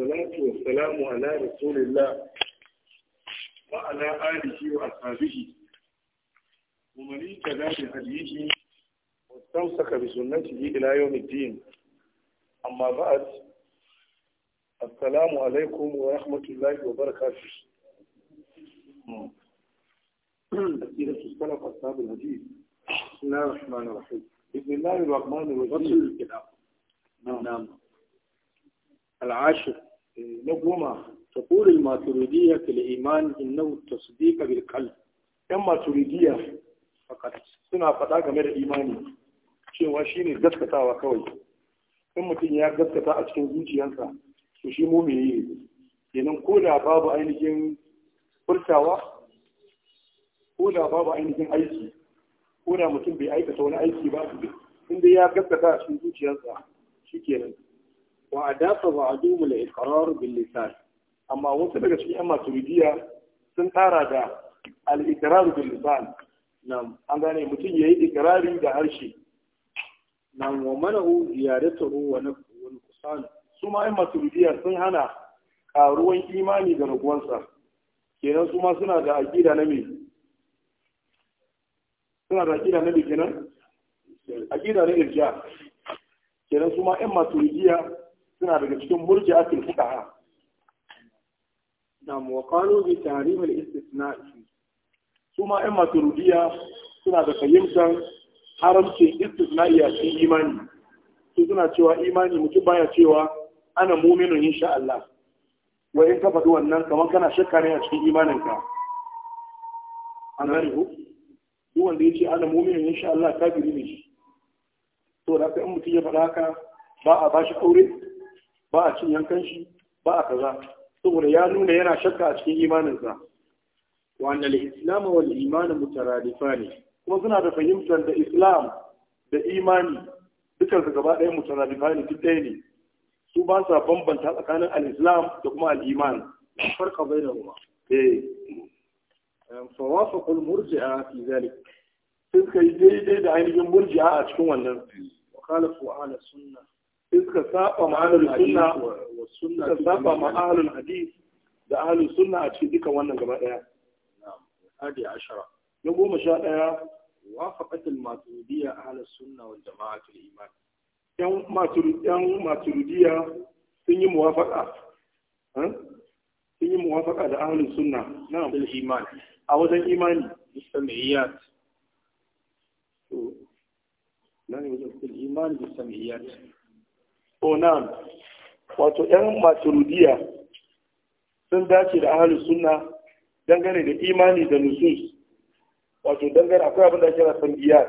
والصلاة والسلام على رسول الله وعلى آله وأصحابه ومن اهتدى بهديه واستمسك بسنته إلى يوم الدين أما بعد السلام عليكم ورحمة الله وبركاته أسئلة السلف أصحاب الحديث بسم الله الرحمن الرحيم بسم الله الرحمن الرحيم نعم العاشر na goma masu تقول الماتريدية في الإيمان إنه التصديق بالقلب ‘yan masu maturidiyya suna faɗa game da imani cewa shi ne gaskatawa kawai in mutum ya gaskata a cikin zuciyarsa to shi mu mumini ne kenan ko da babu ainihin furtawa ko da babu ainihin aiki ko da mutum bai aikata wani aiki ba su in dai ya gaskata a cikin zuciyarsa shi kenan wa adafa ba a dumula iqrar bil lisan amma wasu daga cikin yan maturidiya sun tara da al iqrar bil lisan an gane mutum yayi iqrari da harshe nam wa manahu ziyaratuhu wa kusan. su ma yan maturidiya sun hana karuwan imani da raguwansa kenan su ma suna da aqida na me suna da aqida na me kenan aqida na irja kenan su ma yan maturidiya suna daga cikin cikin fuqaha nam wa qalu bi tahrim al istisna su ma masu rudiya suna da fahimtar haramcin istisna'i a cikin imani su suna cewa imani mutum baya cewa ana muminu yin sha Allah wa in ka faɗi wannan kamar kana shakka ne a cikin imaninka an gane ku duk wanda ya ce ana muminu yin sha Allah kafiri ne shi to da in mutum ya faɗa haka ba a bashi aure ba a cin yankan shi ba a kaza saboda ya nuna yana shakka a cikin imaninsa wanda al-islam wal iman ne? kuma suna da fahimtar da islam da imani dukkan su gaba ɗaya ne duk ɗaya ne su ba sa bambanta tsakanin al-islam da kuma al-iman farka ruwa. eh fa wafaqa murjia fi zalik sun kai daidai da ainihin murji'a a cikin wannan wa khalafu ahla sunnah in suka saba ma ahlul sunna suka saba ma ahlul hadith da ahlul sunna a cikin duka wannan gaba daya hadi ashara na goma sha daya wafaqat al maturidiyya ahlus sunna wal jama'at al iman yan maturidiyan maturidiyya sun yi muwafaqa sun yi muwafaqa da ahlus sunna na bil iman a wajen imani mustamiyyat to na wajen bil iman bil onan wato ‘yan maturudiya sun dace da ahalin suna dangane da imani da nusus wato dangane akwai abin da ake rasan biya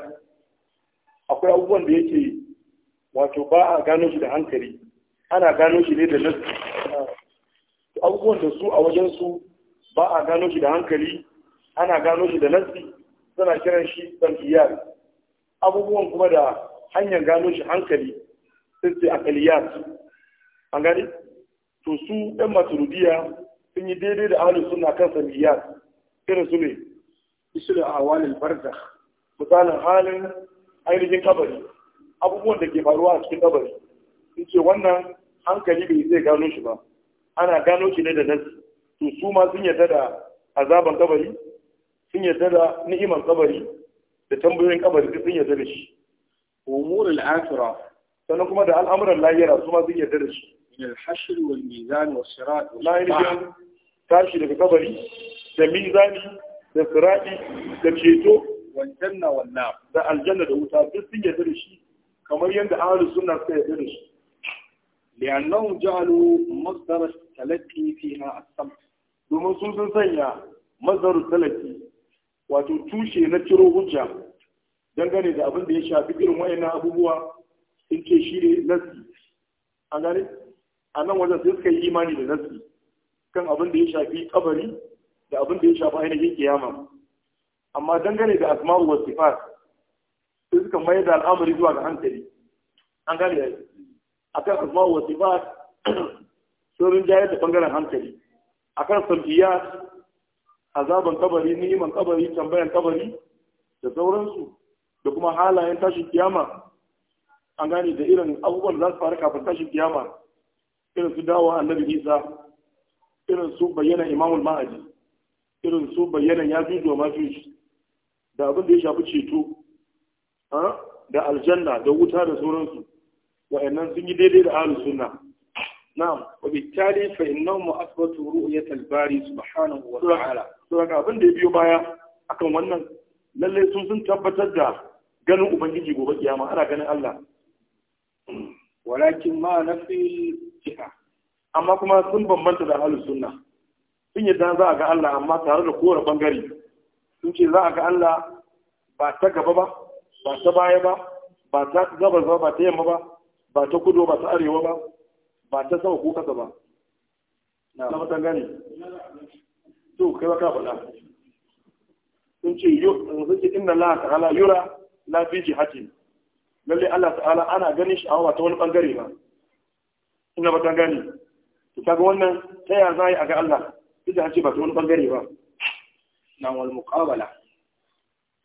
akwai abubuwan da yake wato ba a gano shi da hankali ana gano shi ne da nasi abubuwan da su a wajensu ba a gano shi da hankali ana gano shi da nasi suna kiran shi biyar. abubuwan kuma da hanyar gano shi hankali sisi su akaliyat an gani to su ɗan maturudiya sun yi daidai da ahalin suna kan samiyat irin su ne isirin awalin barza misalin halin ainihin kabari abubuwan da ke faruwa a cikin kabari sun ce wannan hankali bai zai gano shi ba ana gano shi ne da nasi to su ma sun yarda da azaban kabari sun yarda da ni'imar kabari da tambayoyin kabari sun yarda da shi umurul akhirah sannan kuma da al'amuran lahira su ma sun yarda da shi min hashr wal mizan was sirat lahira tashi daga kabari da mizani da sirati da ceto wal janna wal nar da aljanna da wuta duk sun yarda da shi kamar yadda ahlus sunna suka yarda da shi لأنهم جعلوا مصدر التلقي فيها السمع domin sun sun sanya mazaru talaki wato tushe na ciro hujja dangane da abin da ya shafi irin wayannan abubuwa ke ce shi ne nasi a gane a nan wajen sai suka yi imani da nasi kan abin da ya shafi kabari da abin da ya shafi ainihin kiyama amma dangane da asma'u wa sifat sai suka mayar da al'amari zuwa ga hankali an gane da akan asma'u wa sifat sun rinjayar da bangaren hankali akan a azaban kabari niman kabari tambayan kabari da sauransu da kuma halayen tashin kiyama an gane da irin abubuwan za su faru kafin tashin kiyama irin su dawo annabi isa irin su bayyana imamul ma'aji irin su bayyana ya fi zuwa mafi da abin da ya shafi ceto da aljanna da wuta da sauransu wa'annan sun yi daidai da ahlus sunna na'am wa bittali fa innahum asbatu ru'yatal bari subhanahu wa ta'ala to ga abin da ya biyo baya akan wannan lalle sun sun tabbatar da ganin ubangiji gobe kiyama ana ganin Allah walakin ma na fi jiha amma kuma sun bambanta da ahlus sunna sun yadda za a ga Allah amma tare da kowane bangare sun ce za a ga Allah ba ta gaba ba ba ta baya ba ba ta gaba ba ba ta yamma ba ba ta kudu ba ta arewa ba ba ta sama ko kasa ba na matan gane to kai ba ka faɗa sun ce yo sun ce inna la ta'ala yura la fi jihatin lalle Allah ta'ala ana ganin shi a ta wani bangare ba ina ba ta gani ta ga wannan ta ya zai a ga Allah idan da ce ba ta wani bangare ba na wal muqabala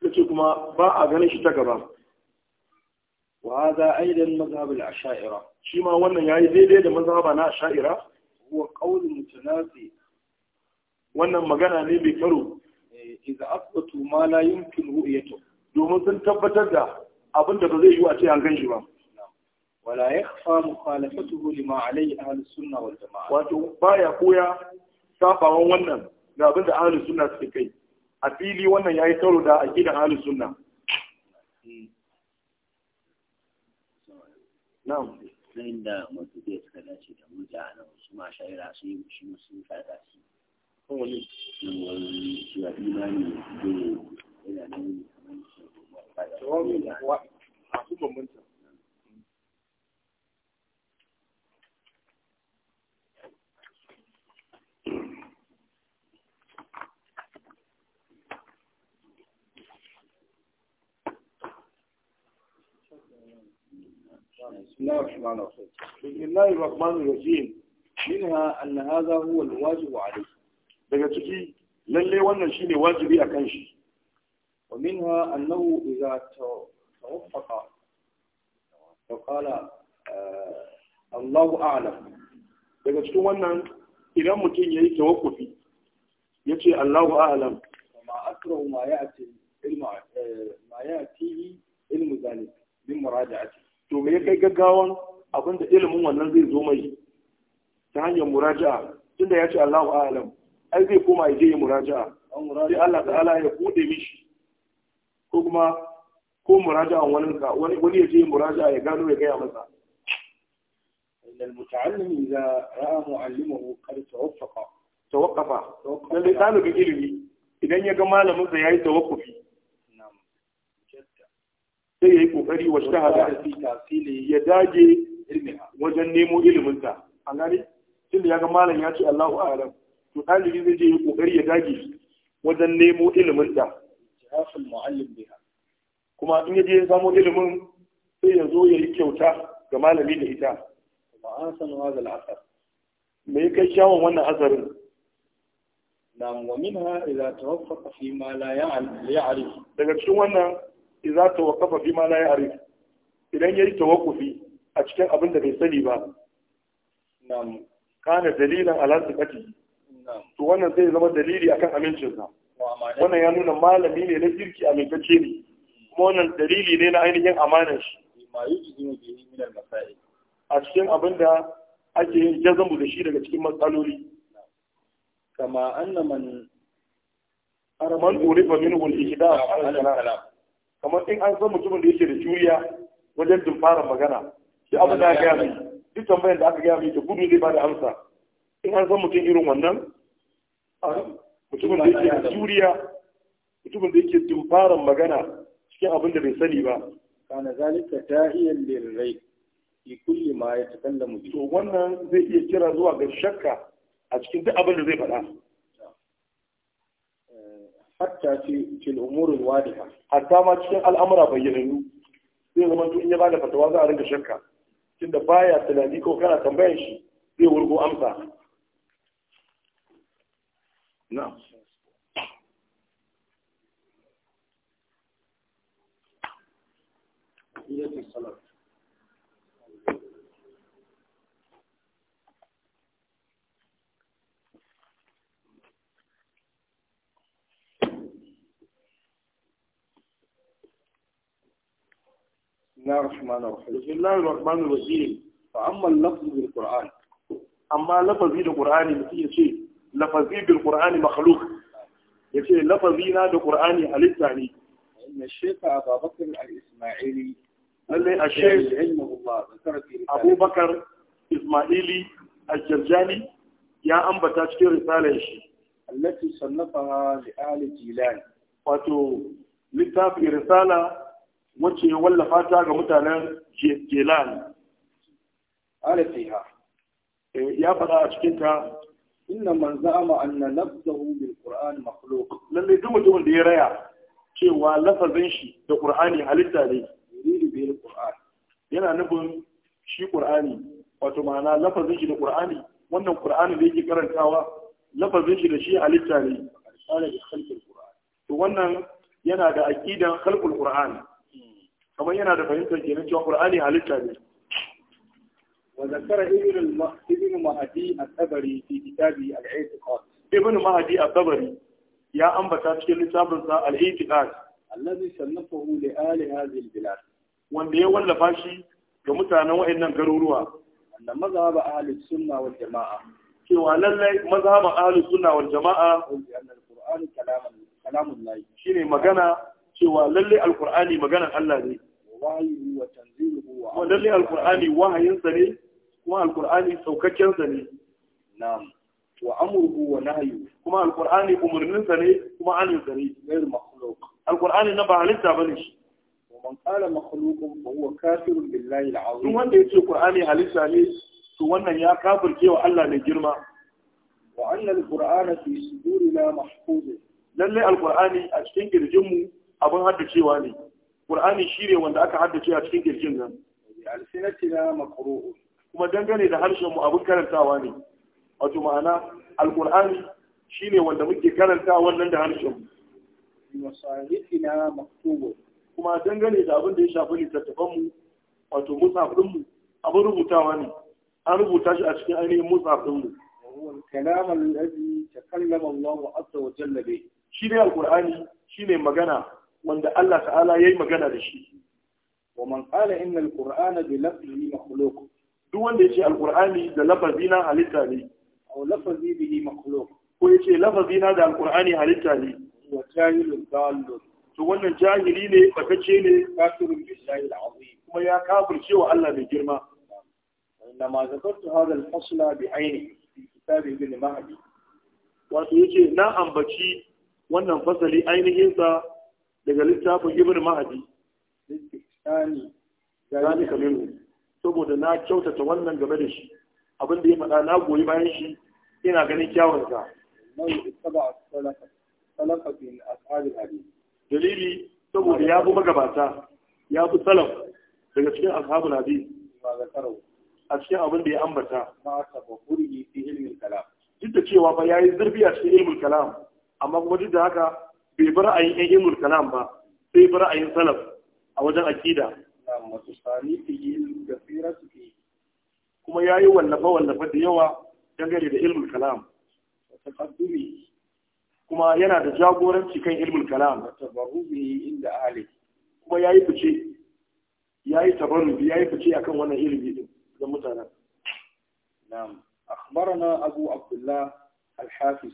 kace kuma ba a ganin shi ta gaba wa hadha aidan mazhab al ash'ira shi ma wannan yayi daidai da mazhaba na ash'ira huwa qawl mutanazi wannan magana ne bai karo eh, idza asbatu ma la yumkin ru'yatu domin sun tabbatar da abin da ba zai yi a ce an ganshi ba wala yakhfa mukhalafatuhu lima alayhi ahli sunna wal jamaa wato baya koya safawan wannan ga abin da ahlus sunna suke kai a fili wannan yayi sauro da aqidan ahli sunna na'am sai da mutu da suka dace da muja nan su ma shaira su yi shi musu fada su kowane shi imani da yana nuni بسم الله الرحمن الرحيم منها أن هذا هو الواجب عليه لكن ciki lalle لي shine wajibi akan shi ومنها أنه إذا توفق فقال الله أعلم daga cikin wannan idan mutum ya yi tawakkufi ya ce Allahu a'lam ma akrahu ma ya'ti ilma ma ya'ti ilmu zalik bin muraja'ati to me ya kai gaggawan abinda ilimin wannan zai zo mai ta hanyar muraja'a tunda ya ce Allahu a'lam ai zai koma ya je ya muraja'a sai Allah ta'ala ya bude mishi ko kuma ko muraja wani ka wani ya je muraja ya gano ya gaya masa innal muta'allim idza ra'a mu'allimahu qad tawaffaqa tawaffaqa lalle talibin ilimi idan ya ga malamin sa yayi tawaffufi sai yayi kokari wa shahada ya dage wajen nemo ilimin sa an gane da ya ga malam ya ce Allahu a'lam to talibi zai je yi kokari ya dage wajen nemo ilimin sa khasal muallim biha kuma in yaje ya samu ilimin sai ya zo ya yi kyauta ga malami da ita kuma an san hadha al'asar me yake shawon wannan azarin nam wa minha idza tawaffaqa fi ma la ya'rif daga cikin wannan idza tawaffaqa fi ma la ya'rif idan yayi tawaqqufi a cikin abin da bai sani ba nam kana dalilan ala sifati to wannan zai zama dalili akan amincin sa wannan ya nuna malami ne na kirki amintacce ne kuma wannan dalili ne na ainihin amanar shi a cikin abin da ake yin jazamu da shi daga cikin matsaloli kama anna man man urifa minhu al-ihda kamar in an san mutumin da yake da juriya wajen dumfara magana shi abu da gaya mai duk tambayar da aka gaya mai da gudu zai ba da amsa in an san mutum irin wannan mutumin da yake da juriya mutumin da yake dumfaran magana cikin abin da bai sani ba kana zalika da'iyan lirrai fi kulli ma yatakallamu bi to wannan zai iya kira zuwa ga shakka a cikin duk abin da zai faɗa hatta fi cikin umuril wadiha hatta ma cikin al'amura bayyanannu zai zama to in ya bada fatawa za a rinka shakka tunda baya tunani ko kana tambayar shi zai wurgo amsa نعم نية الصلاة بسم الله الرحمن الرحيم بسم الله الرحمن الرحيم فأما اللفظ بالقرآن أما لفظ بالقرآن مثل شيء lafazi bil qur'ani makhluq yace lafazi na da qur'ani halitta ne inna shaykha abubakar al-isma'ili lalle ashaykh ilmullah zakara fi isma'ili al-jarjani ya ambata cikin risalar shi allati sannafaha li ali jilani wato littafin risala wacce ya wallafa ta ga mutanen jilani ala fiha eh, ya faɗa a cikin ta inna man za'ama anna lafzahu bil qur'an makhluq lalle duk mutumin da ya raya cewa lafazin shi da qur'ani halitta ne yuridu bil qur'an yana nufin shi qur'ani wato ma'ana lafazin shi da qur'ani wannan qur'ani da yake karantawa lafazin shi da shi halitta ne ala bi khalqil qur'an to wannan yana da aqidan khalqul qur'an kamar yana da fahimtar kenan cewa qur'ani halitta ne وذكر ابن الم... ابن مهدي الطبري في كتابه الاعتقاد ابن مهدي الطبري يا أنبتا في كتاب الاعتقاد الذي صنفه لآل هذه البلاد wanda ya wallafa shi ga mutanen wa'annan garuruwa anna mazhab ahli sunna wal jamaa cewa lallai mazhab ahli sunna wal jamaa anna alquran kalamun kalamun shine magana cewa lallai alqur'ani maganan Allah ne wahayi wa tanziluhu wa lallai ne kuma alkur'ani saukakken ne Na. wa amruhu wa nahyu kuma alkur'ani umurnin ne kuma anin sa ne ghayr makhluq alkur'ani na ba halitta bane shi wa man qala makhluqun fa huwa kafirun billahi al'azim wanda yace qur'ani halitta ne to wannan ya kafirce wa Allah ne girma wa anna alqur'ana fi sudurina mahfuz lalle alqur'ani a cikin kirjinmu abin haddacewa ne qur'ani shire wanda aka haddace a cikin kirjin nan alsinatina maqru'un kuma dangane da harshen mu abin karantawa ne wato ma'ana alqur'ani shine wanda muke karanta wannan da harshen mu wasa'ilina maktubu kuma dangane da abin da ya shafi littattafan mu wato musafin mu abin rubutawa ne an rubuta shi a cikin ainihin musafin mu الكلام الذي تكلم الله عز وجل به شيء القرآن شيء مجانا وأن magana da shi. مجانا لشيء ومن قال إن القرآن بلفظه مخلوق duk wanda ya ce alkur'ani da lafazi na halitta ne aw lafazi bihi makhluq ko ya ce lafazi na da alkur'ani halitta ne wa jahilun dallun to wannan jahili ne bakace ne kafirun billahi alazim kuma ya kafirce wa Allah mai girma inna ma zakartu hadha al-fasla bi aini fi kitab ibn mahdi wato yace na ambaci wannan fasali ainihin sa daga littafin ibn mahdi listani zalika minhu saboda na kyautata wannan game da shi abin da ya faɗa na goyi bayan shi ina ganin kyawun sa dalili saboda ya fi magabata ya fi salaf daga cikin ashabul hadis a cikin abin da ya ambata duk da cewa ba ya yi zurfi a cikin ilmul kalam amma kuma duk da haka bai bar ra'ayin yan ilmul kalam ba sai bar ra'ayin salaf a wajen akida Sani yi tamma tusanifihi suke. kuma ya yi wallafa wallafa da yawa dangane da ilmul kalam kuma yana da jagoranci kan ilmul kalam tabarrubi inda ahli kuma ya yi fice yayi ya yi fice akan wannan ilimi din ga mutanen na'am akhbarana abu abdullah al-hafiz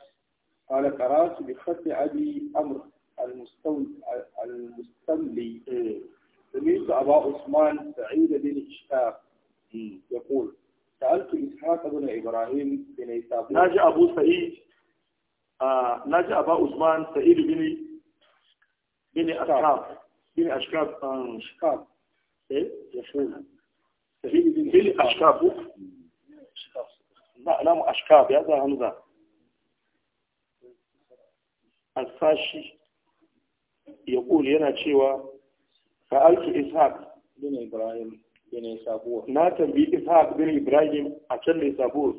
قال قرأت بخط أبي أمر المستولي سمعت أبا عثمان سعيد بن إشهاق يقول سألت إسحاق بن إبراهيم بن إسحاق ناجي أبو سعيد آه ناجي أبا عثمان سعيد بن بن أشكاب بن أشكاب أشكاب إيه يقول سعيد بن أشكاب لا لا أشكاب يا ذا همزة الفاشي يقول ينا تشيوا sa'altu ishaq bin ibrahim bin na tambayi ishaq bin ibrahim a can ne sabuwar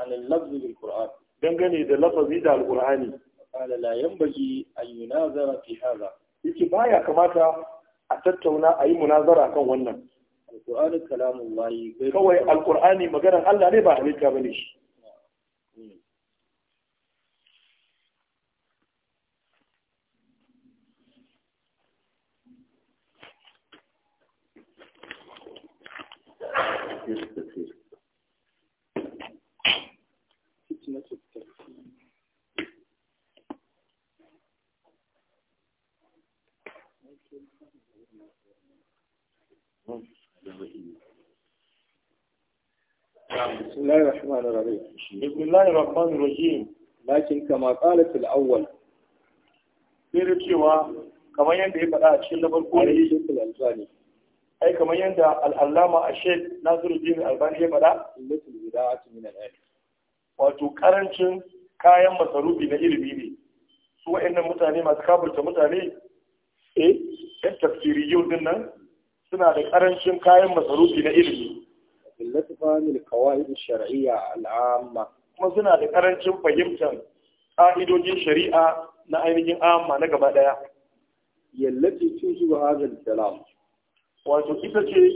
an lafzi bil qur'an dangane da lafazi da alqur'ani qala la yanbaghi an yunazara fi hadha yace baya kamata a tattauna ayi munazara kan wannan alqur'ani kalamullahi kawai alqur'ani maganar Allah ne ba halitta bane shi بسم الله الرحمن الرحيم بسم الله الرحمن الرحيم لكن كما قالت الأول سيرتي كما يندي بقى في الأول ai kamar yadda al'allama a shek nasiruddin albani ya faɗa wato karancin kayan masarufi na ilimi ne su wa'annan mutane masu kabarta mutane eh yan tafsiri yau din nan suna da karancin kayan masarufi na ilimi illatu fahimil qawaid shar'iyya al'amma kuma suna da karancin fahimtar ka'idojin shari'a na ainihin amma na gaba daya yallati tuzu hadha al-kalam wato ita ce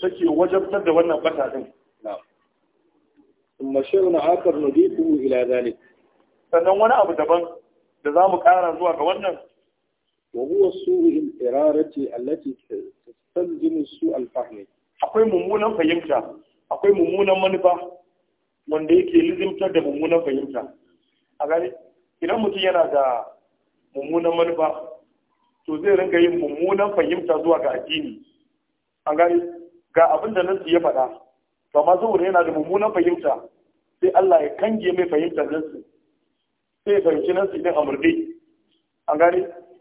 take wajabtar da wannan bata din ثم شيء آخر نضيفه إلى ذلك sannan wani abu daban da za mu kara zuwa ga wannan وهو سوء الإرارة التي تستلزم سوء الفهم akwai mummunan fahimta akwai mummunan manufa wanda yake lizimtar da mummunan fahimta a gani idan mutum yana da mummunan manufa to zai ringa yin mummunan fahimta zuwa ga addini an gani ga abin da nan ya faɗa to amma saboda yana da mummunan fahimta sai Allah ya kange mai fahimtar nan sai ya fahimci nan idan amurde an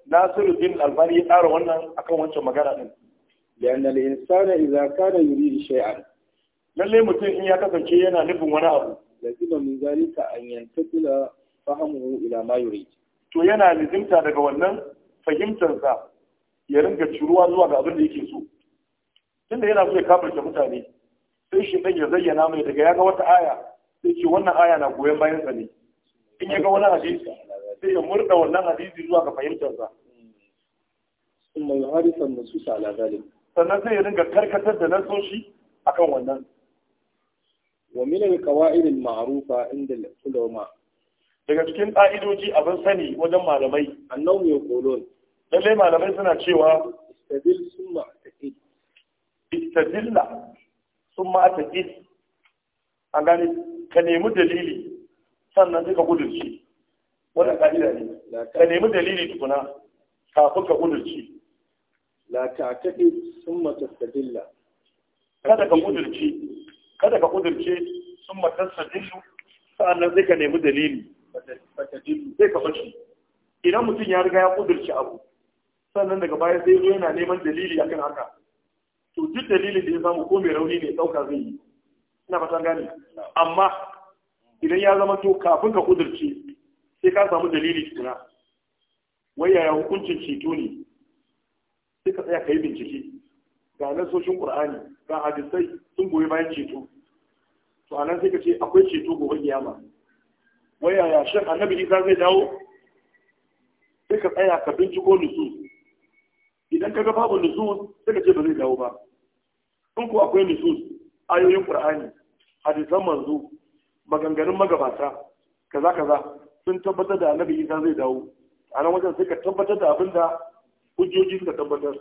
Nasiru din Albani ya tsara wannan akan wancan magana din da insana الإنسان إذا كان يريد شيئا lallai mutum in ya kasance yana nufin wani abu lazima min zalika an kula fahimu ila ma yuri to yana lazimta daga wannan fahimtar sa ya ringa ciruwa zuwa ga abin da yake so tunda yana so ya kafirce mutane sai shi dan ya zayyana mai daga ya ga wata aya sai ce wannan aya na goyon bayan sa ne in ya ga wani hadisi sai ya murda wannan hadisi zuwa ga fahimtar sa thumma yuharifu an-nusus ala sannan sai ya dinga karkatar da nasoshi akan wannan wa min al-qawa'id al-ma'rufa inda al-ulama daga cikin ƙa'idoji abin sani wajen malamai annahu kolon lalle malamai suna cewa istabil sunna istadilla sun ma aka is a gani ka nemi dalili sannan suka ka gudurci wannan ka'ida ne ka nemi dalili tukuna kafin ka gudurci la ta ta sun ma tastadilla kada ka gudurci kada ka gudurce sun ma sannan sai ka nemi dalili sai ka bace idan mutum ya riga ya kudurci abu sannan daga baya sai yana neman dalili akan haka to duk dalilin da ya samu ko mai rauni ne ɗauka zai yi ina fatan gane amma idan ya zama to kafin ka kudurce sai ka samu dalili tuna. wai yaya hukuncin ceto ne sai ka tsaya ka yi bincike ga nasoshin ƙur'ani ga hadisai sun goyi bayan ceto to a nan sai ka ce akwai ceto gobe kiyama wai yaya shan annabi isa zai dawo sai ka tsaya ka binciko nutsu. idan ka ga babu nutsu, sai ka ce ba zai dawo ba in ku akwai nusus ayoyin qur'ani hadisan manzo maganganun magabata kaza kaza sun tabbatar da annabi isa zai dawo a nan wajen sai ka tabbatar da abin da hujjoji suka tabbatar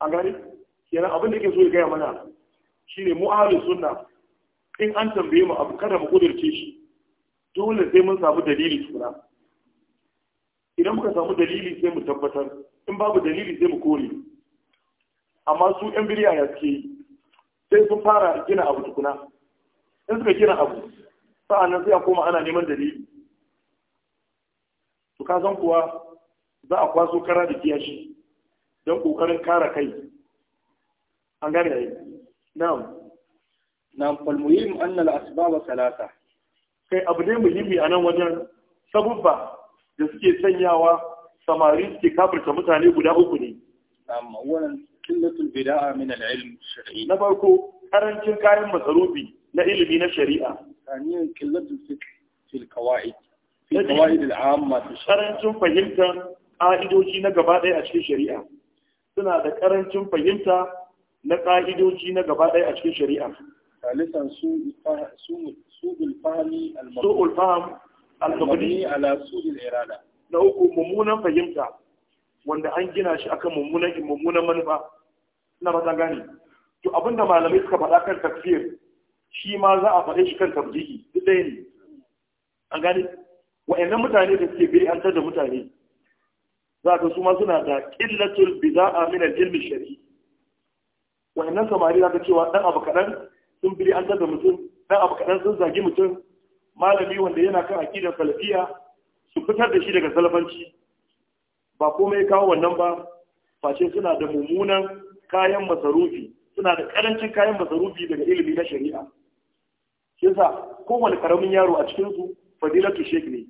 A gani kenan abin da ke so ya gaya mana shine mu ahlus sunna in an tambaye mu abu kada mu kudurce shi dole sai mun samu dalili suna. idan muka samu dalili sai mu tabbatar in babu dalili sai mu kore amma su yan biriya ya suke yi sai sun fara gina abu tukuna in suka gina abu sa'annan sai a koma ana neman dalili Su ka san kuwa za a kwaso kara da kiyashi don kokarin kara kai an gane yayi na'am na'am fal muhim anna al asbab kai abu ne muhimmi a nan wajen sabubba da suke sanyawa samari suke kafirta mutane guda uku ne qillatul bida'a min al-ilm shar'i na farko karancin kayan masarufi na ilimi na shari'a thaniyan qillatul fiqh fil qawaid fil qawaid al-amma karancin fahimtar ka'idoji na gaba ɗaya a cikin shari'a suna da karancin fahimta na ka'idoji na gaba ɗaya a cikin shari'a ثالثا سوء سوء الفهم سوء الفهم المبني على سوء الإرادة na uku mummunan fahimta wanda an gina shi akan mummunan mummunan manufa ina ba gani gane to abinda malamai suka faɗa kan tafsir shi ma za a faɗe shi kan tabjiki duk ɗaya ne an gane wa'annan mutane da suke an da mutane za ka su ma suna da qillatul bid'a a minan ilm shari'i wa'annan samari za ka cewa dan abu kaɗan sun an da mutum dan abu kaɗan sun zagi mutum malami wanda yana kan aƙidar salafiya su fitar da shi daga salafanci ba komai kawo wannan ba face suna da mummunan kayan masarufi suna da karancin kayan masarufi daga ilimi na shari'a shi sa kowane karamin yaro a cikinsu fadilatu sheik ne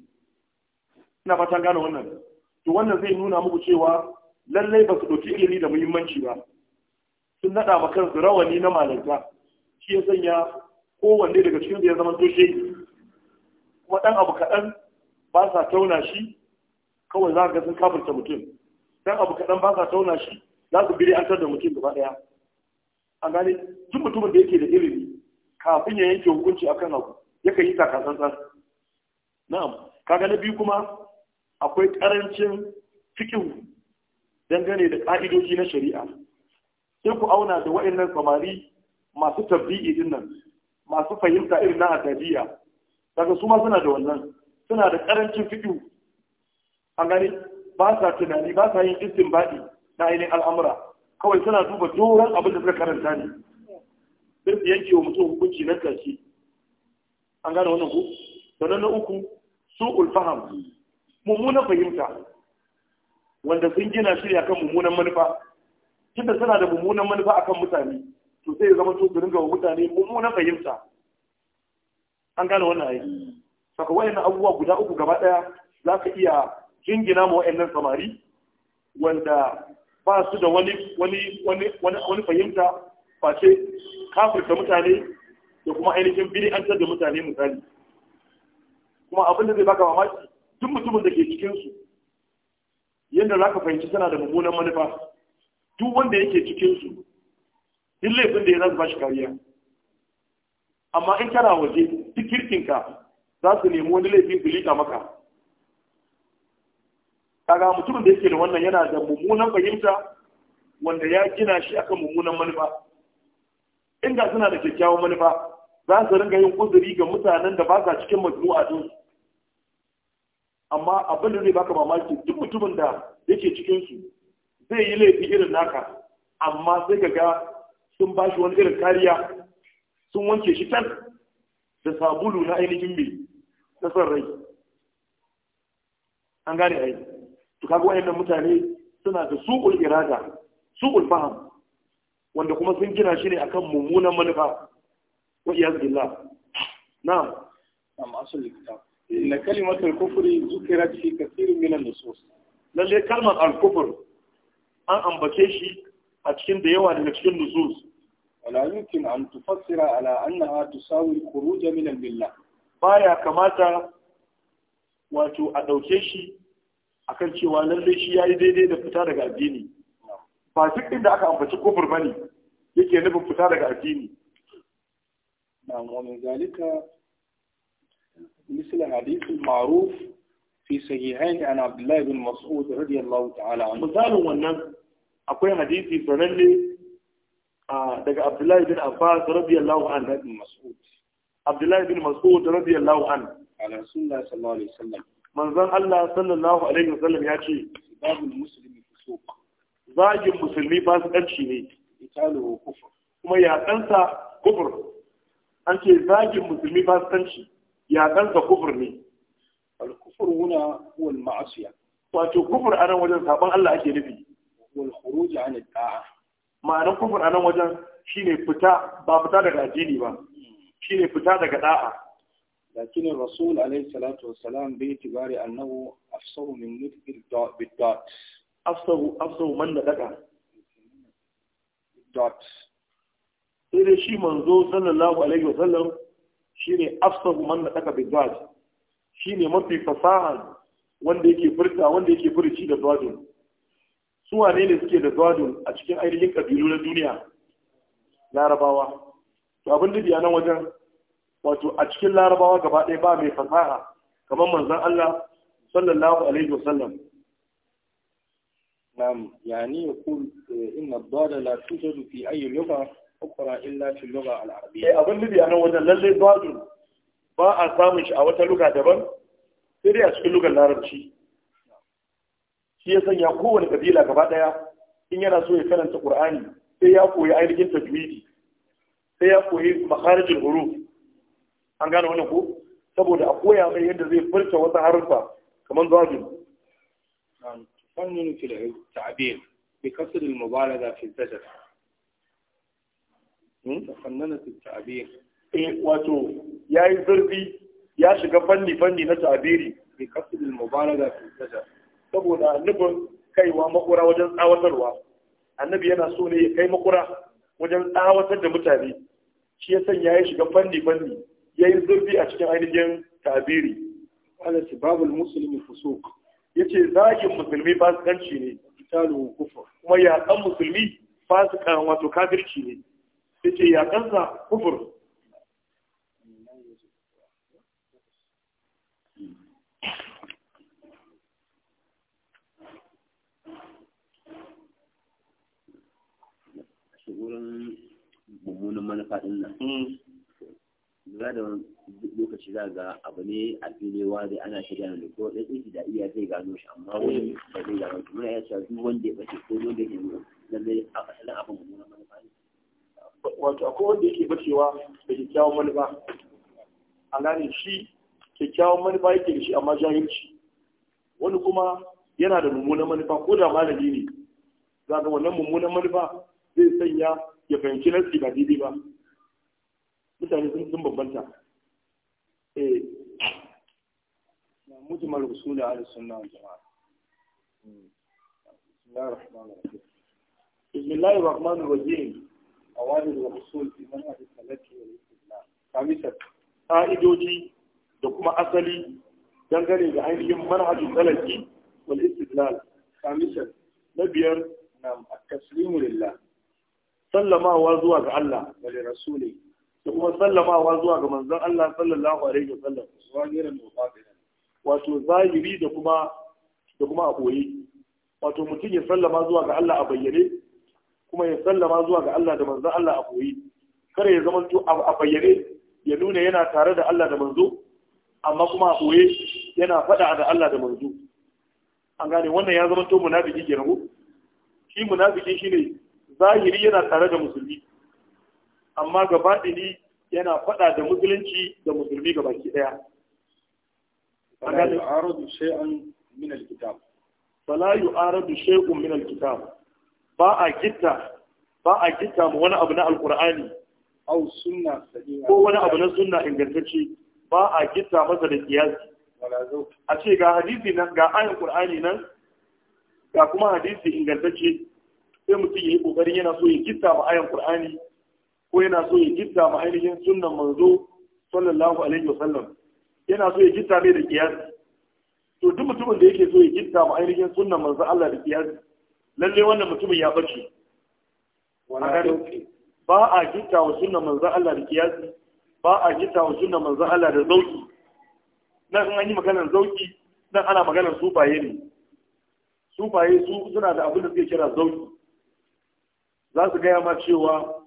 ina fatan gane wannan to wannan zai nuna muku cewa lallai ba su ɗauki ilimi da muhimmanci ba sun naɗa ma kansu rawani na malanta shi ya sanya kowanne daga cikin ya zama toshe kuma ɗan abu kaɗan ba sa tauna shi kawai za ga sun kafirta mutum ɗan abu kaɗan ba sa tauna shi za su biri an tar da mutum gaba ɗaya an gane duk mutumin da yake da ilimi kafin ya yanke hukunci a akan abu yakan yi takatsantsan na'am kaga na biyu kuma akwai karancin fikihu dangane da ka'idoji na shari'a sai ku auna da wa'annan samari masu tabbi'i din nan masu fahimta irin na adabiya daga su ma suna da wannan suna da karancin fikihu an gani ba sa tunani ba sa yin istinbadi na ainihin al'amura kawai suna duba doron abin da suka karanta ne sai su yanke wa mutum hukunci nan tsarki an gane wannan ku sannan na uku su ulfaham mummunan fahimta wanda sun gina shi akan mummunan manufa tunda suna da mummunan manufa akan mutane to sai ya zama to su ringa wa mutane mummunan fahimta an gane wannan ai saka wayannan abubuwa guda uku gaba daya za ka iya jingina ma wayannan samari wanda ba su da wani wani wani wani fahimta face kafirta mutane da kuma ainihin bid'antar da mutane misali kuma abin da zai baka mamaki duk mutumin da ke cikin su yanda ka fahimci tana da mummunan manufa duk wanda yake cikin su duk laifin da ya zasu bashi kariya amma in kana waje duk ka za su nemi wani laifin su maka kaga mutumin da yake da wannan yana da mummunan fahimta wanda ya gina shi akan mummunan manufa inda suna da kyakkyawan manufa za su ringa yin kuzuri ga mutanen da ba sa cikin majmu'a din amma abin da zai baka mamaki duk mutumin da yake cikin su zai yi laifi irin naka amma sai ga sun ba shi wani irin kariya sun wanke shi tan da sabulu na ainihin mai na rai an gane ainihin to kaga nan mutane suna da suƙul irada suƙul faham wanda kuma sun gina shi ne akan mummunan manufa wa iyaz na'am amma asul kitab inna al kufri zukirat fi kathirin min an-nusus lalle kalmar al-kufr an ambace shi a cikin da yawa daga cikin nusus wala yumkin an tufassira ala annaha tusawi khuruj min al-billah baya kamata wato a dauke shi akan cewa lalle shi ya yi daidai da fita daga addini ba duk inda aka ambaci kufur bane yake nufin fita daga addini na wa zalika مثل حديث المعروف في صحيحين عن عبد الله بن مسعود رضي الله تعالى عنه مثال wannan akwai hadisi sanalle daga Abdullah bin Abbas radiyallahu anhu Abdullah bin Mas'ud radiyallahu anhu ala Rasulullah sallallahu alaihi wasallam manzon Allah sallallahu alaihi wasallam ya ce babul muslimi fusuq zagin musulmi fasikanci ne italu kufur kuma ya ɗansa kufur an ce zagin musulmi fasikanci ya ɗansa kufur ne al kufur huna huwa al ma'asiya wato kufur a nan wajen saban Allah ake nufi wal khuruj an ta'a ma'anar kufur a nan wajen shine fita ba fita daga addini ba hmm. shine fita daga da'a لكن الرسول عليه الصلاة والسلام باعتبار أنه أفصه من نطق بالدات أفصه أفصه من نطق بالدات إذا شيء منزو صلى الله عليه وسلم شيء أفصه من نطق بالدات شيء مطي فصاحا wanda yake furta wanda yake furci da dwadun su wane ne suke da dwadun a cikin ainihin kabilu na duniya larabawa to abin da biya nan wajen wato a cikin larabawa gaba ɗaya ba mai fasaha kamar manzan Allah sallallahu alaihi wasallam nam ya ni ya kun eh, inna dada la tujadu fi ayi lugha ukra illa fi lugha al arabiyya eh abin da bi anan wajen lalle dadu ba a samun shi a wata lugha daban sai dai a cikin lugar larabci shi ya sanya kowane ƙabila gaba ɗaya in yana so ya karanta ƙur'ani? sai ya koyi ainihin tajwidi sai ya koyi makharijul huruf an gane wani ko saboda a koya mai yadda zai furta wata harufa kamar zajin تفنن في التعبير بكسر المبالغة في الزجر تفننت التعبير wato ya yi ya shiga fanni-fanni na ta'abiri bi kasu da mubalaga fi zajar saboda nufin kaiwa makura wajen tsawatarwa annabi yana so ne ya kai makura wajen tsawatar da mutane shi ya sanya ya shiga fanni-fanni ya yi zurfi a cikin ainihin tabiri ala sibabul muslimi fusuq yace zagin musulmi fasikanci ne qitalu kufa. kuma yaƙan musulmi fasikan wato kafirci ne Ya ce sa kufur wurin mummunan manufa ɗin nan hmm. lura da lokaci za ga abu ne a fili wari ana shirya da ko ɗan ɗinki da iya zai gano shi amma wani ba zai gano shi muna iya cewa duk wanda ya bace ko dole ya nuna lalle a asalin abin mummunan manufa ne. wato akwai wanda yake bacewa da kyakkyawan manufa a gane shi kyakkyawan manufa yake da shi amma jahilci wani kuma yana da mummunan manufa ko da malami ne za ga wannan mummunan manufa zai sanya ya fahimci nasi ba daidai ba mutane sun sun bambanta eh mujmal usul ahli sunna wal jamaa بسم الله الرحمن الرحيم أوائل da kuma asali dangane da ainihin manhajin talaki wal istidlal na biyar na at wurin la sallamawa zuwa ga Allah da rasuli da kuma sallamawa zuwa ga manzon Allah sallallahu alaihi wasallam zahiran wa batinan wato zahiri da kuma da kuma a wato mutum ya sallama zuwa ga Allah a bayyane kuma ya sallama zuwa ga Allah da manzon Allah a koyi kare ya zama to a bayyane ya nuna yana tare da Allah da manzo amma kuma a boye yana faɗa da Allah da manzo an gane wannan ya zama to munafiki kenan ko shi munafiki shine zahiri yana tare da musulmi amma gaba ɗini yana faɗa da musulunci da musulmi ga baki ɗaya fala yi shay'un min al-kitab ba a gita ba a gita ma wani abu na alqur'ani aw sunna ko wani abu na sunna ingantacce ba a gita masa da kiyasi a ce ga hadisi nan ga ayin qur'ani nan ga kuma hadisi ingantacce sai mutum ya yi ƙoƙarin yana so ya gita ma ayin qur'ani ko yana so ya gita ma ainihin sunnan manzo sallallahu alaihi wasallam yana so ya gita mai da kiyasi to duk mutumin da yake so ya gita ma ainihin sunnan manzo Allah da kiyasi lalle wannan mutumin ya bace ba a gita wa sunnan manzo Allah da kiyasi ba a gita wa sunnan manzo Allah da zauki nan an yi maganar zauki nan ana maganar sufaye ne sufaye su suna da abin da suke kira zauki za su gaya ma cewa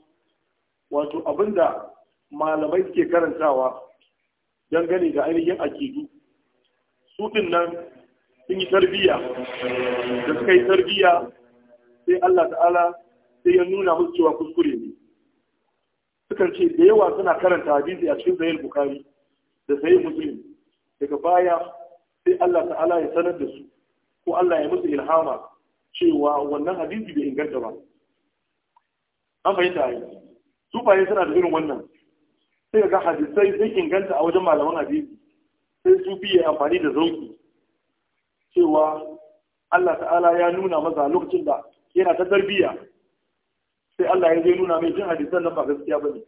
wato abin da malamai suke karantawa dangane da ainihin akidu su din nan sun yi tarbiyya da suka yi tarbiyya sai Allah ta'ala sai ya nuna musu cewa kuskure ne sukan ce da yawa suna karanta hadisi a cikin sahih bukhari da sahih muslim daga baya sai Allah ta'ala ya sanar da su ko Allah ya musu ilhama cewa wannan hadisi bai inganta ba an fahimta yanzu sufaye suna da irin wannan sai ga hadisai sai inganta a wajen malaman hadisi sai sufi ya amfani da zauki cewa Allah ta'ala ya nuna maza lokacin da yana ta tarbiyya sai Allah ya zai nuna mai jin hadisan nan ba gaskiya ba ne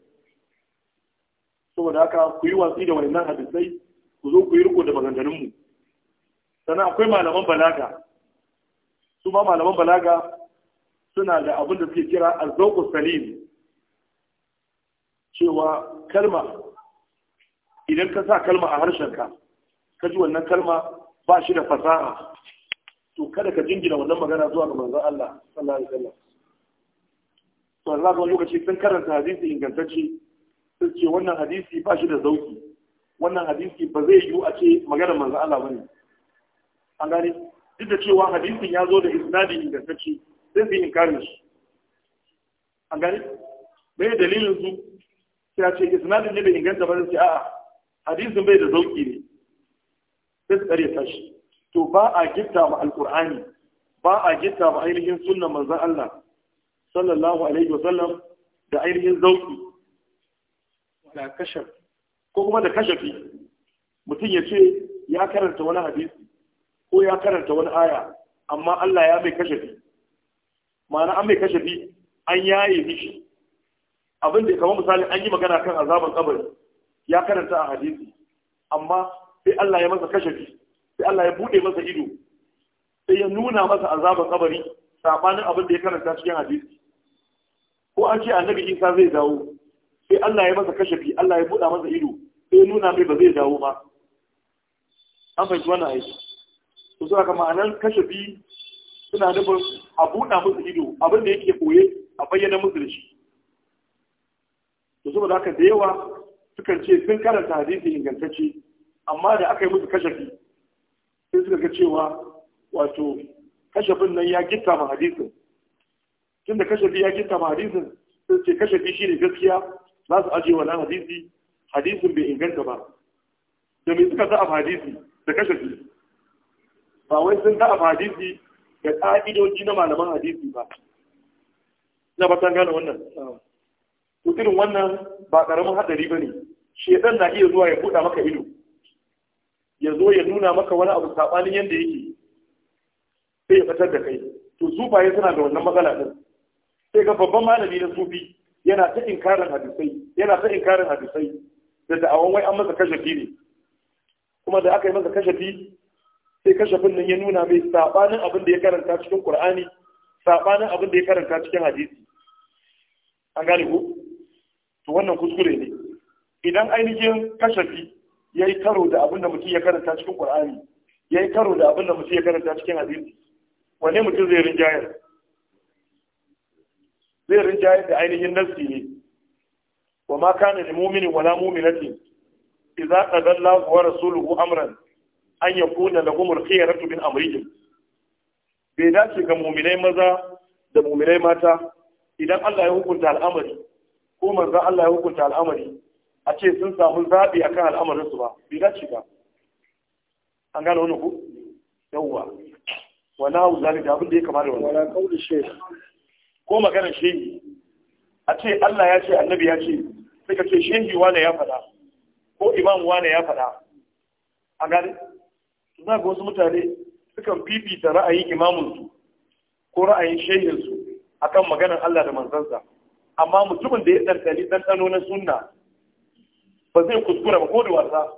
saboda haka ku yi watsi da wannan hadisai ku zo ku yi riko da maganganunmu sannan akwai malaman balaga su ma malaman balaga suna da abin da suke kira azzauqus salim cewa kalma idan ka sa kalma a harshenka ka ji wannan kalma ba shi da fasaha to kada ka jingina wannan magana zuwa ga manzon Allah sallallahu alaihi wasallam to Allah ga lokaci sun karanta hadisi ingantacce sun ce wannan hadisi ba shi da zauki wannan hadisi ba zai yiwu a ce magana manzon Allah bane an gane duk da cewa hadisin ya zo da isnadi ingantacce sai su yi inkarin shi an gane bai dalilin su sai ce isnadin ne bai inganta ba sai a'a hadisin bai da zauki ne sai su kare ta shi to ba a gitta ma alqur'ani ba a gitta ma ainihin sunnan manzon Allah sallallahu alaihi wasallam da ainihin zauki wala kashaf ko kuma da kashafi mutum ya ce ya karanta wani hadisi ko ya karanta wani aya amma Allah ya mai kashafi ma'ana an mai kashafi an yaye mishi abin da kamar misali an yi magana kan azaban kabari ya karanta a hadisi amma sai Allah ya masa kashafi sai Allah ya bude masa ido sai ya nuna masa azaban kabari sabanin abin da ya karanta cikin hadisi ko an ce annabi Isa zai dawo sai Allah ya masa kashafi Allah ya buɗa masa ido sai ya nuna mai ba zai dawo ba an fahimci wannan aiki to sai kuma anan kashafi suna nufin a buɗa musu ido abin da yake koye a bayyana musu da shi to saboda haka da yawa sukan ce sun karanta hadisi ingantacce amma da aka yi musu kashafi sai suka ga cewa wato kashafin nan ya gitta ma hadisin tunda kashafi ya gitta ma hadisin sun ce kashafi ne gaskiya za su ajiye wannan hadisi hadisin bai inganta ba da me suka za'a hadisi da kashafi ba wai sun za'a hadisi da ƙa'idoji na malaman hadisi ba na ba ta gane wannan to irin wannan ba ƙaramin haɗari ba ne shedan na iya zuwa ya buɗa maka ido ya zo ya nuna maka wani abu saɓanin yadda yake sai ya fitar da kai to sufaye suna da wannan matsala ɗin sai ga babban malami na sufi yana ta inkarin hadisai yana ta inkarin hadisai da da'awan wai an masa kashafi ne kuma da aka yi masa kashafi sai kashafin nan ya nuna mai saɓanin abin da ya karanta cikin ƙur'ani. saɓanin abin da ya karanta cikin hadisi an gane ku to wannan kuskure ne idan ainihin kashafi ya yi karo da abin da mutum ya karanta cikin ƙur'ani ya yi karo da abin da mutum ya karanta cikin hadisi wane mutum zai rinjayar zai rinjayar da ainihin nassi ne wa ma kana lil mu'mini wa la mu'minati idza qada Allahu wa rasuluhu amran an yakuna lahum al-khiyaratu min amrihim bai dace ga mu'minai maza da mu'minai mata idan Allah ya hukunta al'amari ko manzo Allah ya hukunta al'amari a ce sun samu zaɓi akan al'amarin su ba bai dace ba an gane wani ku yawwa wala da abin da ya kamata wannan wala kauli shehu ko magana shehi a ce Allah ya ce annabi ya ce Sai ka ce shehi wane ya faɗa ko imam wane ya faɗa a gane? za ga wasu mutane sukan fifita ra'ayin imamunsu ko ra'ayin shehinsu akan maganar Allah da manzansa amma mutumin da ya ɗanɗani ɗanɗano na sunna ba zai kuskura ba ko da wasa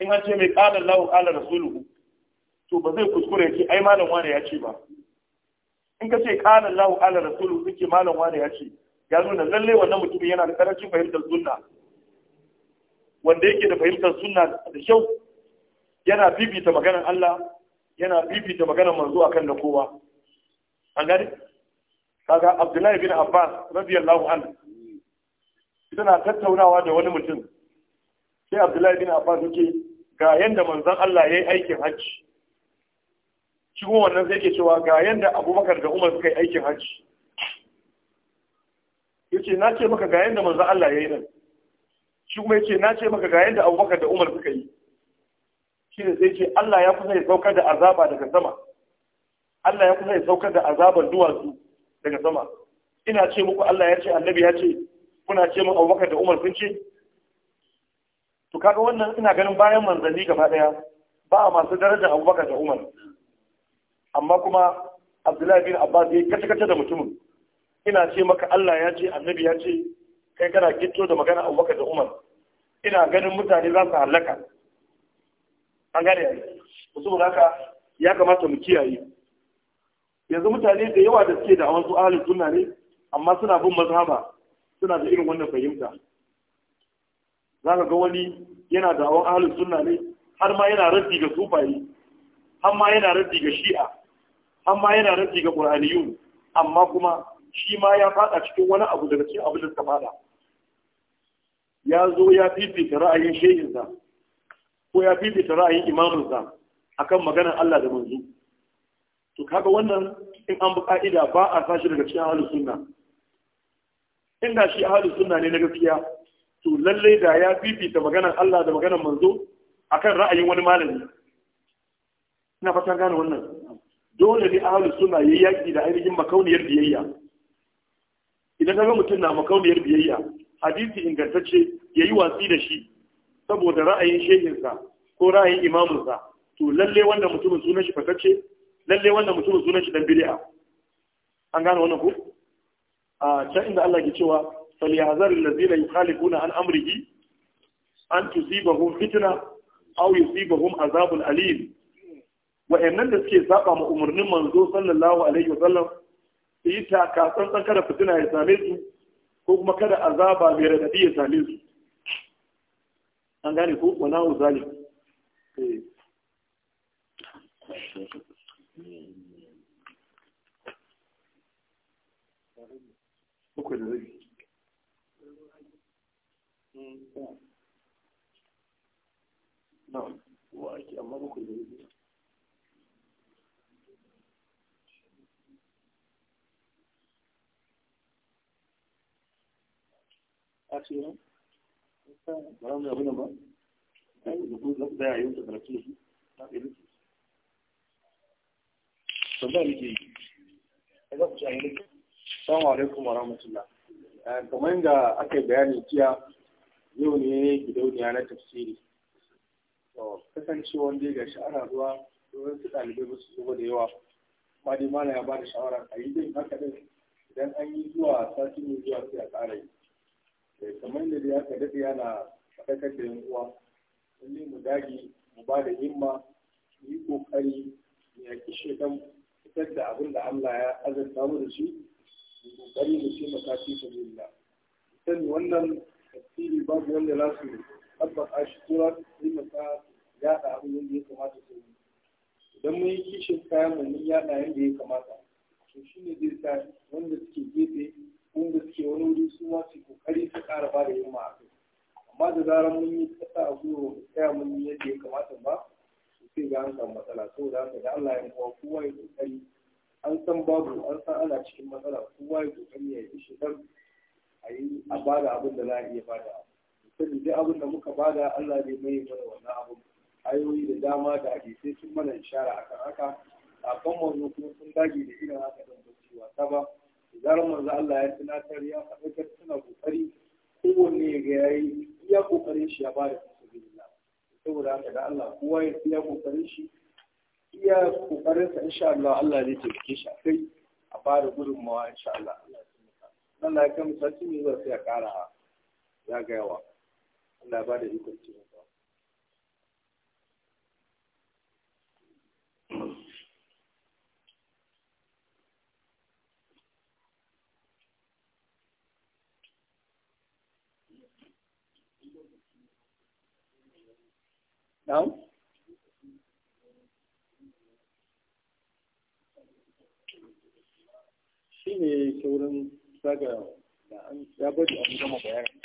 in an ce mai ƙalar lawo ƙalar rasuluhu to ba zai kuskura ya ce ai malam wane ya ce ba in ka ce ƙalar lawo ƙalar rasuluhu suke malam wane ya ce ya nuna lalle wannan mutumin yana da ƙarancin fahimtar sunna wanda yake da fahimtar sunna da kyau yana bibita maganar Allah yana bibita maganar manzo akan da kowa an gani kaga abdullahi bin abbas radiyallahu anhu suna tattaunawa da wani mutum sai abdullahi bin abbas yake ga yanda manzon Allah yayi aikin hajji shi kuma wannan sai yake cewa ga yanda abubakar da umar suka yi aikin hajji yace na ce maka ga yanda manzon Allah yayi nan shi kuma yace na ce maka ga yanda abubakar da umar suka yi shi ne sai ce Allah ya kusa ya saukar da azaba daga sama Allah ya kusa ya saukar da azaban duwatsu daga sama ina ce muku Allah ya ce annabi ya ce kuna ce min abubakar da umar sun ce to kaga wannan ina ganin bayan manzanni gaba daya ba masu darajar abubakar da umar amma kuma abdullahi bin abbas ya kace kace da mutumin ina ce maka Allah ya ce annabi ya ce kai kana kitto da magana abubakar da umar ina ganin mutane za su halaka an gane musu haka ya kamata mu kiyaye yanzu mutane da yawa da suke da wasu ahalin suna ne amma suna bin mazhaba suna da irin wannan fahimta za ka ga wani yana da awon ahalin suna ne har ma yana raddi ga sufayi har ma yana raddi ga shi'a har ma yana raddi ga ƙur'aniyu amma kuma shi ma ya fada cikin wani abu daga cikin abin da suka ya zo ya fifita ra'ayin shehinsa ko ya fifita ra'ayin imaminsa akan maganar Allah da manzo to kaga wannan in an bi ka'ida ba a sashi daga cikin ahlus sunna inda shi ahlus sunna ne na gaskiya to lalle da ya fifita maganar Allah da maganar manzo akan ra'ayin wani malami ina fatan gane wannan dole ne ahlus sunna yayi yaki da ainihin makauniyar biyayya idan kaga mutum na makauniyar biyayya hadisi ingantacce yayi watsi da shi saboda ra'ayin shehinsa ko ra'ayin imamunsa to lalle wannan mutumin sunan shi fatacce lalle wannan mutumin sunan shi dan bid'a an gane wannan ku a can inda Allah ke cewa falyazar allazina yukhalifuna an amrihi an tusibahum fitna aw yusibahum azabun alim annan da suke saba ma umarnin manzo sallallahu alaihi wasallam su yi taka tsantsan kada fitina ya same su ko kuma kada azaba mai radadi ya same su an gane ko wala zalim you. Eh. Akwai da na wa ake amma bakwai da a ce ba mu ba da da tambaya nake yi alaikum wa rahmatullah eh, kamar da aka yi bayani jiya yau ne gidauniya na tafsiri kasancewa dai ga sha'ara ruwa ruwan su ɗalibai ba su zuba da yawa ma dai mana ya bada shawara a yi din haka din idan an yi zuwa sati ne zuwa sai a ƙara yi eh, kamar da dai aka daɗe yana faɗakar da yan uwa lallai mu dage mu ba da himma mu yi ƙoƙari mu yaƙi shekaru. fitar da abin da Allah ya azurta mu da shi mu kokari mu ce maka fi sabilillah dan wannan tafsiri babu wanda za su tabbata shi ko za su yi abin da ya kamata su yi idan mun yi kishin kayan mu mun yada yadda ya kamata to shine zai sa wanda suke gefe wanda suke wani wuri su ma su kokari su ƙara ba da yamma a kai amma da zarar mun yi tsaka a gwiwa mu tsaya mun yi yadda ya kamata ba an samu matsala saboda haka da Allah ya kuwa kowa ya kokari an san babu an san ana cikin matsala kowa ya kokari ya yi shigar a yi a bada abin da za a iya bada sabi duk abin da muka bada Allah zai mai mana wannan abin ayoyi da dama da ake sai sun mana ishara kan haka sabon manzo kuma sun dage da irin haka don ba cewa ta ba zarar manzo Allah ya tunatar ya faɗakar suna kokari kowanne ya ga yi iya kokarin shi ya bada saboda haka da Allah kowa ya fiya kokarin shi iya kokarin sa insha Allah Allah zai taimake shi akai a fara mawa insha Allah Allah ya taimaka Allah ya kai sai ne zai ya kara ya ga yawa Allah ya bada ikon cewa na'am shi ne saurin zaga ya bari a gama